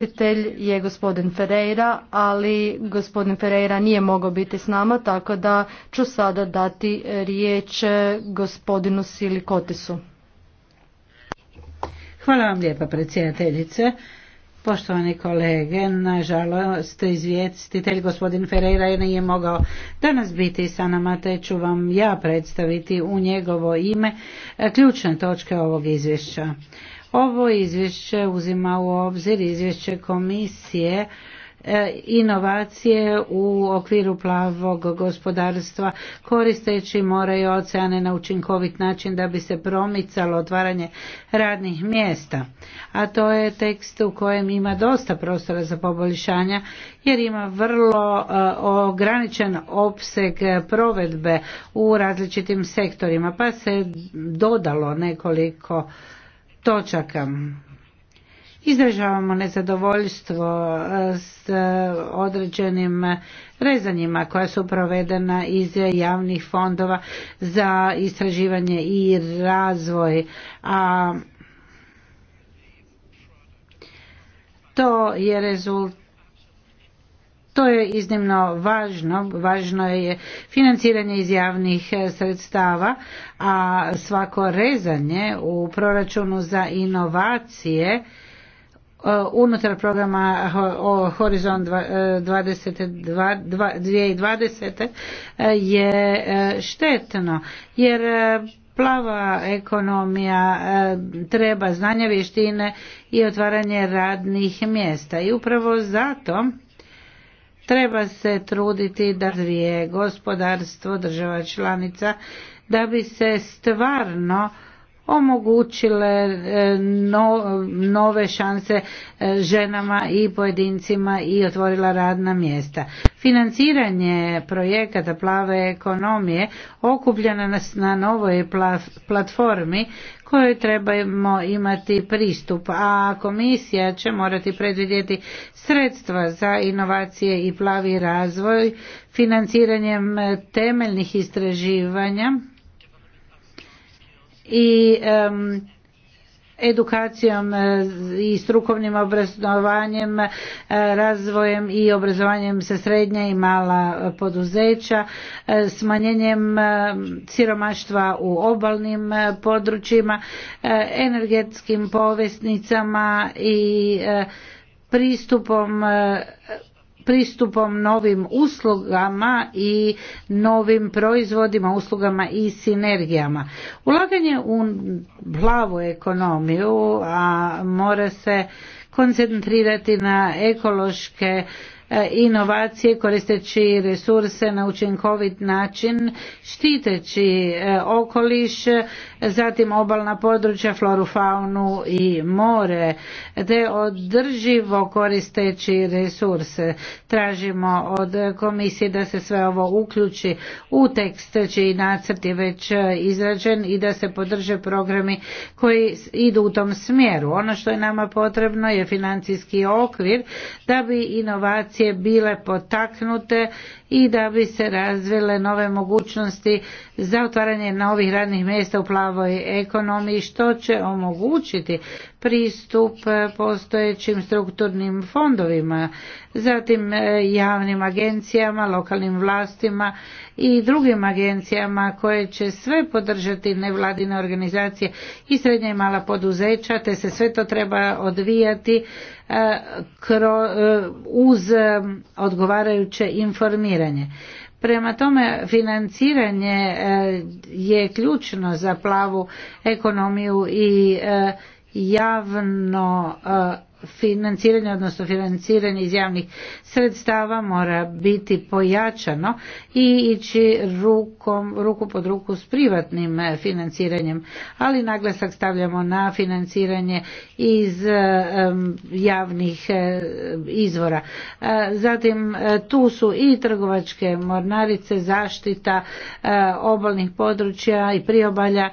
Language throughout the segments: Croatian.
Izvjestitelj je gospodin Ferreira, ali gospodin Ferreira nije mogao biti s nama, tako da ću sada dati riječ gospodinu Silikotisu. Hvala vam lijepa predsjedateljice. Poštovani kolege, nažalost izvjestitelj gospodin Ferreira je nije mogao danas biti sa nama, te ću vam ja predstaviti u njegovo ime e, ključne točke ovog izvješća. Ovo izvješće uzima u obzir izvješće komisije e, inovacije u okviru plavog gospodarstva koristeći more i oceane na učinkovit način da bi se promicalo otvaranje radnih mjesta. A to je tekst u kojem ima dosta prostora za poboljšanja jer ima vrlo e, ograničen opseg provedbe u različitim sektorima pa se dodalo nekoliko točaka. Izražavamo nezadovoljstvo e, s e, određenim rezanjima koja su provedena iz javnih fondova za istraživanje i razvoj, a to je rezultat to je iznimno važno, važno je financiranje iz javnih e, sredstava, a svako rezanje u proračunu za inovacije e, unutar programa Horizon 2020 e, je štetno jer plava ekonomija treba znanja, vještine i otvaranje radnih mjesta i upravo zato treba se truditi da razvije gospodarstvo država članica da bi se stvarno omogućile e, nove šanse e, ženama i pojedincima i otvorila radna mjesta. Financiranje projekata plave ekonomije okupljena na novoj platformi kojoj trebamo imati pristup, a komisija će morati predvidjeti sredstva za inovacije i plavi razvoj financiranjem temeljnih istraživanja i edukacijom e, i strukovnim obrazovanjem, e, razvojem i obrazovanjem sa srednja i mala poduzeća, e, smanjenjem siromaštva u obalnim područjima, energetskim povesnicama i pristupom pristupom novim uslugama i novim proizvodima, uslugama i sinergijama. Ulaganje u plavu ekonomiju a mora se koncentrirati na ekološke E, inovacije koristeći resurse na učinkovit način štiteći e, okoliš zatim obalna područja floru faunu i more te održivo koristeći resurse tražimo od komisije da se sve ovo uključi u tekst čiji nacrt je već izrađen i da se podrže programi koji idu u tom smjeru ono što je nama potrebno je financijski okvir da bi inovacije inovacije bile potaknute i da bi se razvile nove mogućnosti za otvaranje novih radnih mjesta u plavoj ekonomiji što će omogućiti pristup e, postojećim strukturnim fondovima, zatim e, javnim agencijama, lokalnim vlastima i drugim agencijama koje će sve podržati nevladine organizacije i srednja i mala poduzeća, te se sve to treba odvijati e, uz odgovarajuće informiranje. Prema tome financiranje je ključno za plavu ekonomiju i javno financiranje, odnosno financiranje iz javnih sredstava mora biti pojačano i ići rukom, ruku pod ruku s privatnim e, financiranjem, ali naglasak stavljamo na financiranje iz e, javnih e, izvora. Zatim tu su i trgovačke mornarice, zaštita obalnih područja i priobalja,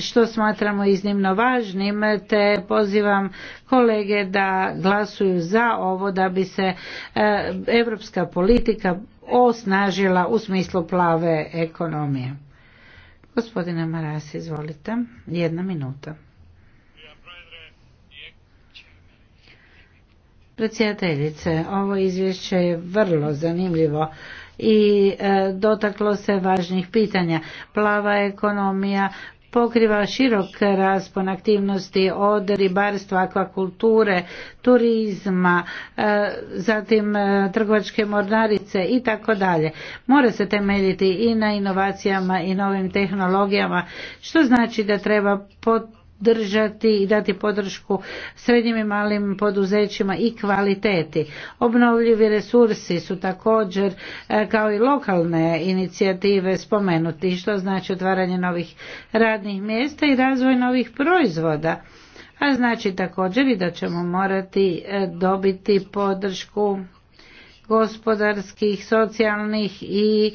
što smatramo iznimno važnim, te pozivam kolege da glasuju za ovo da bi se europska politika osnažila u smislu plave ekonomije. Gospodine Maras, izvolite. Jedna minuta. Predsjedateljice, ovo izvješće je vrlo zanimljivo i e, dotaklo se važnih pitanja. Plava ekonomija, pokriva širok raspon aktivnosti od ribarstva, akvakulture, turizma, e, zatim e, trgovačke mornarice i tako dalje. Mora se temeljiti i na inovacijama i novim tehnologijama, što znači da treba potrebno držati i dati podršku srednjim i malim poduzećima i kvaliteti. Obnovljivi resursi su također e, kao i lokalne inicijative spomenuti što znači otvaranje novih radnih mjesta i razvoj novih proizvoda. A znači također i da ćemo morati e, dobiti podršku gospodarskih, socijalnih i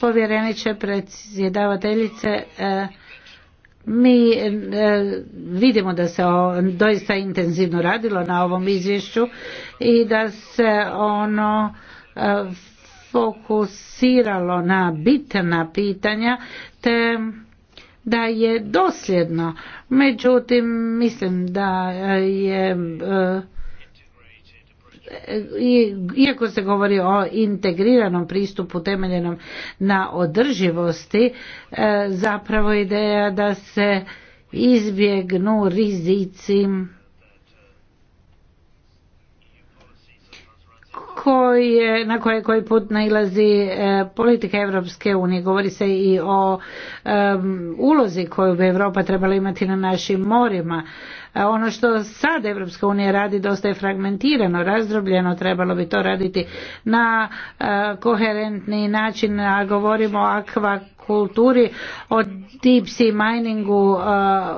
povjereniče predsjedavateljice e, mi e, vidimo da se doista intenzivno radilo na ovom izvješću i da se ono e, fokusiralo na bitna pitanja te da je dosljedno međutim mislim da je iako se govori o integriranom pristupu temeljenom na održivosti e, zapravo ideja da se izbjegnu rizici koje, na koje koji put nailazi e, politika Europske unije. Govori se i o e, ulozi koju bi Europa trebala imati na našim morima. E, ono što sad Evropska unija radi dosta je fragmentirano, razdrobljeno, trebalo bi to raditi na koherentni način, a govorimo o akvakulturi, o deep sea miningu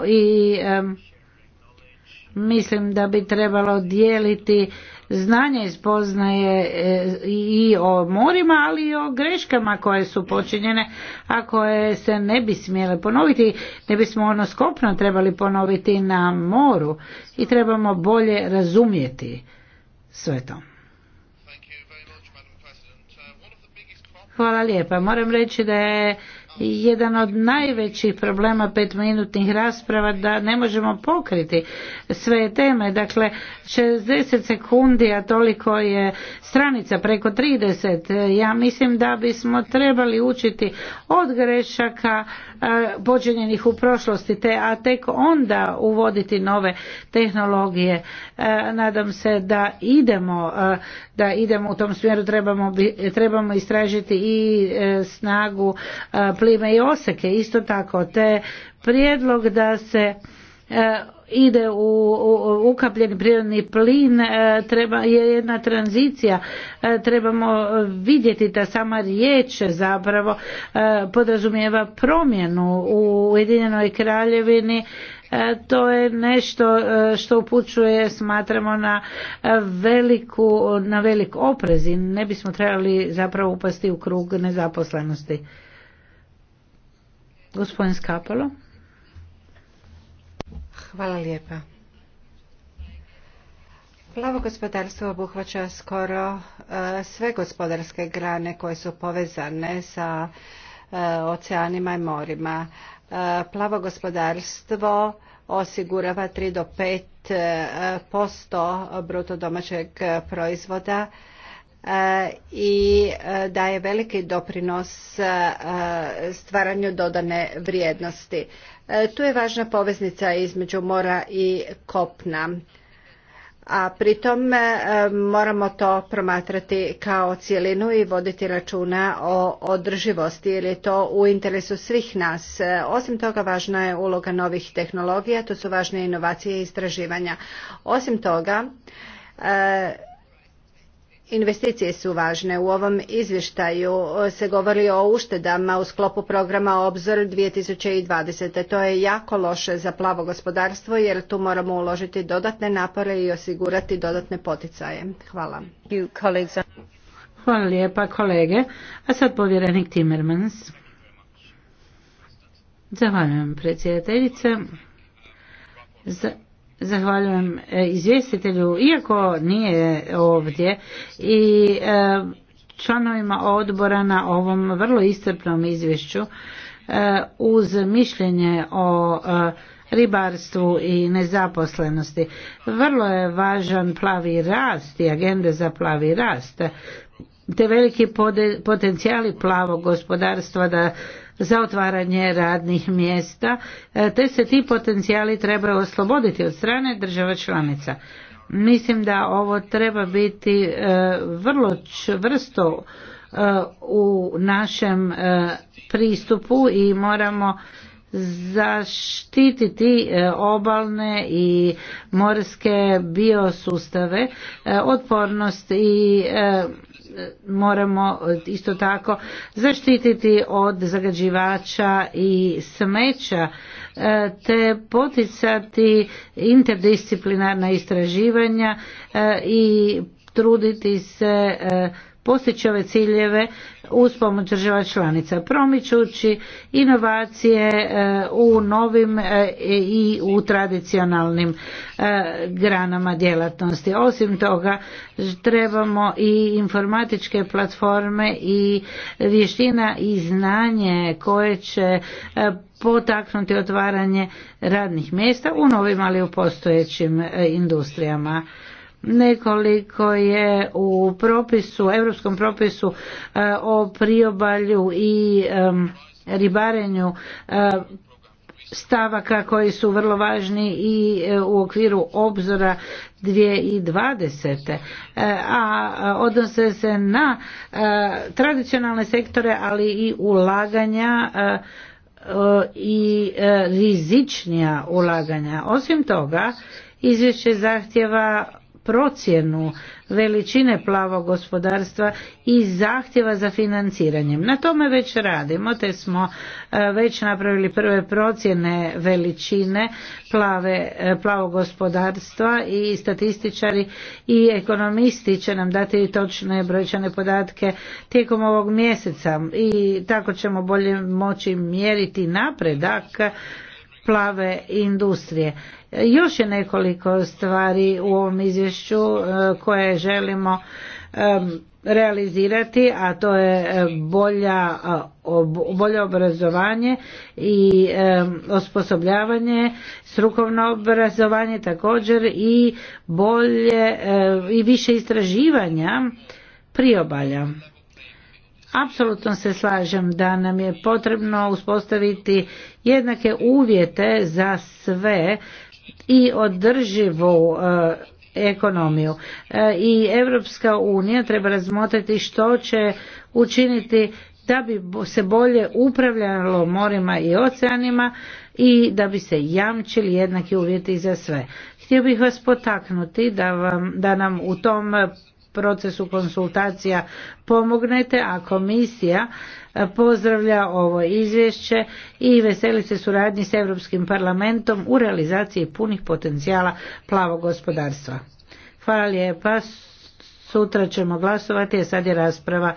i mislim da bi trebalo dijeliti znanja i spoznaje e, i o morima, ali i o greškama koje su počinjene, a koje se ne bi smjele ponoviti. Ne bismo ono skopno trebali ponoviti na moru i trebamo bolje razumjeti sve to. Hvala lijepa. Moram reći da je jedan od najvećih problema petminutnih rasprava da ne možemo pokriti sve teme. Dakle, 60 sekundi, a toliko je stranica, preko 30. Ja mislim da bismo trebali učiti od grešaka počinjenih u prošlosti, te, a tek onda uvoditi nove tehnologije. Nadam se da idemo, da idemo u tom smjeru, trebamo, trebamo istražiti i e, snagu plime i oseke. Isto tako, te prijedlog da se e, ide u ukapljeni prirodni plin e, treba, je jedna tranzicija e, trebamo vidjeti da sama riječ zapravo podrazumijeva promjenu u Ujedinjenoj kraljevini to je nešto što upućuje smatramo na veliku na velik oprez i ne bismo trebali zapravo upasti u krug nezaposlenosti Gospodin Skapalo. Hvala lijepa. Plavo gospodarstvo obuhvaća skoro e, sve gospodarske grane koje su povezane sa e, oceanima i morima. E, plavo gospodarstvo osigurava 3 do 5 posto bruto domaćeg proizvoda i e, daje veliki doprinos e, stvaranju dodane vrijednosti. E, tu je važna poveznica između mora i kopna. A pritom moramo to promatrati kao cijelinu i voditi računa o održivosti jer je to u interesu svih nas. Osim toga važna je uloga novih tehnologija, to su važne inovacije i istraživanja. Osim toga, Investicije su važne. U ovom izvještaju e, se govori o uštedama u sklopu programa Obzor 2020. To je jako loše za plavo gospodarstvo jer tu moramo uložiti dodatne napore i osigurati dodatne poticaje. Hvala. Hvala lijepa kolege. A sad povjerenik Timmermans. Zahvaljujem predsjedateljice. Za Zahvaljujem e, izvjestitelju, iako nije ovdje i e, članovima odbora na ovom vrlo iscrpnom izvješću e, uz mišljenje o ribarstvu i nezaposlenosti. Vrlo je važan plavi rast i agende za plavi rast te veliki potencijali plavog gospodarstva da za otvaranje radnih mjesta, e, te se ti potencijali trebaju osloboditi od strane država članica. Mislim da ovo treba biti e, vrlo čvrsto e, u našem pristupu i moramo zaštititi e, obalne i morske biosustave e, otpornost i e, moramo isto tako zaštititi od zagađivača i smeća te poticati interdisciplinarna istraživanja i truditi se postići ove ciljeve uz pomoć država članica, promičući inovacije e, u novim e, i u tradicionalnim e, granama djelatnosti. Osim toga, trebamo i informatičke platforme i vještina i znanje koje će potaknuti otvaranje radnih mjesta u novim ali u postojećim industrijama nekoliko je u propisu, europskom propisu e, o priobalju i ribarenju e, stavaka koji su vrlo važni i e, u okviru obzora 2020. A odnose se na tradicionalne sektore, ali i ulaganja i rizičnija ulaganja. Osim toga, izvješće zahtjeva procjenu veličine plavog gospodarstva i zahtjeva za financiranjem. Na tome već radimo, te smo e, već napravili prve procjene veličine plave, e, plavog gospodarstva i statističari i ekonomisti će nam dati točne brojčane podatke tijekom ovog mjeseca i tako ćemo bolje moći mjeriti napredak plave industrije još je nekoliko stvari u ovom izvješću e, koje želimo e, realizirati, a to je e, bolja, bolje obrazovanje i osposobljavanje, strukovno obrazovanje također i bolje i više istraživanja priobalja. Apsolutno se slažem da nam je potrebno uspostaviti jednake uvjete za sve i održivu e, ekonomiju e, i Europska unija treba razmotriti što će učiniti da bi se bolje upravljalo morima i oceanima i da bi se jamčili jednaki uvjeti za sve. Htio bih vas potaknuti da, da nam u tom procesu konsultacija pomognete, a komisija e, pozdravlja ovo izvješće i veseli se suradnji s Europskim parlamentom u realizaciji punih potencijala plavog gospodarstva. Hvala lijepa, sutra ćemo glasovati, a sad je rasprava